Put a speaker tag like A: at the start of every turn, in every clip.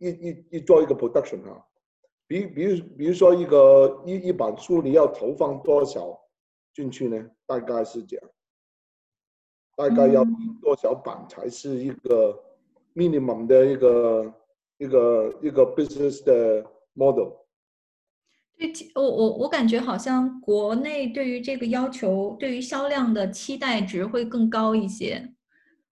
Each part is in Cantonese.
A: 一一一做一個 production 啊，比比如，比如說一個一一本書你要投放多少進去呢？大概是這樣。大概要多少版才是一個 minimum 的一個一個一個 business 的 model。
B: 對，我我我感覺好像國內對於這個要求，對於銷量的期待值會更高一些。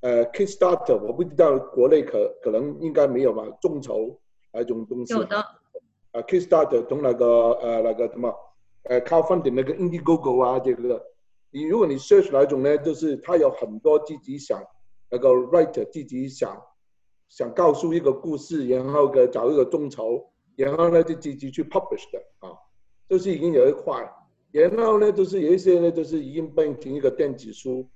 A: 呃、uh, Kickstarter 我不知道國內可可能應該沒有吧？眾籌那種東西。有的。啊、uh, Kickstarter 同那個呃，那個什麼呃，靠 fund 點那個 Indiegogo 啊，這個。你如果你 search 那種呢，就是佢有很多自己想那個 writer 自己想想告訴一個故事，然後嘅找一個眾籌，然後呢就自己去 publish 的啊，就是已經有一塊，然後呢就是有一些呢，就是已經變成一個電子書，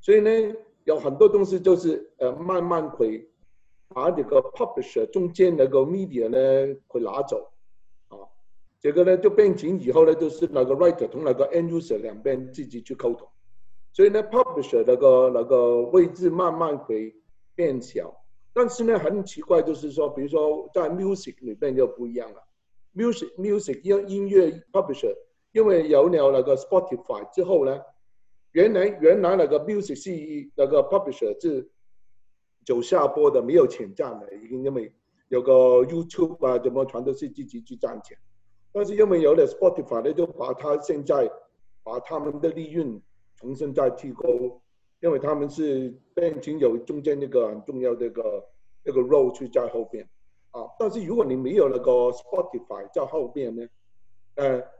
A: 所以呢。有很多東西就是，呃，慢慢會把這個 publisher 中間那個 media 呢，會拿走，啊，這個呢就變成以後呢，就是那個 writer 同那個 end user 兩邊自己去溝通，所以呢 publisher 那個那個位置慢慢會變小，但是呢，很奇怪，就是說比如說在 music 裏邊就不一樣了。music music 音樂 publisher，因為有了那個 Spotify 之後呢。原來原來那個 music 是那個 publisher 是走下坡的，沒有錢賺的，因為有個 YouTube 啊，怎麼全都是自己去賺錢。但是因為有了 Spotify 咧，就把它現在把他們的利潤重新再提高，因為他們是變成有中間一個很重要一、那個一、那個 role 去在後邊。啊，但是如果你沒有那個 Spotify 在後邊呢？誒、呃。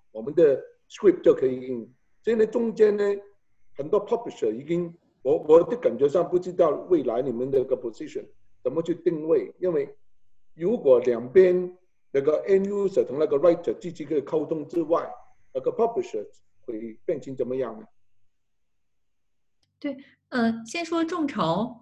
A: 我們的 script 就可以用，所以呢中間呢很多 publisher 已經，我我的感覺上不知道未來你們的那個 position 怎麼去定位，因為如果兩邊那個 end user 同那個 writer 之間嘅溝通之外，那個 publisher 會變成怎麼樣呢？對，嗯、
B: 呃，先說眾籌。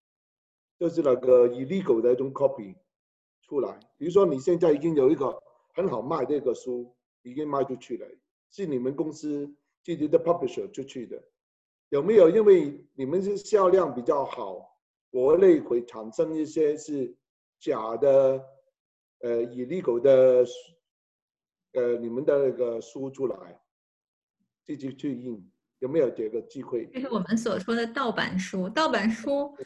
A: 就是那個 illegal 的一種 copy 出來，比如說你現在已經有一個很好賣的這個書已經賣出去了，是你們公司自己的 publisher 出去的，有沒有因為你們是銷量比較好，國內會產生一些是假的，呃，illegal 的，呃，你們的那個書出來，自己去印，有沒有這個機會？這是
B: 我們所說的盜版書，盜版書、嗯。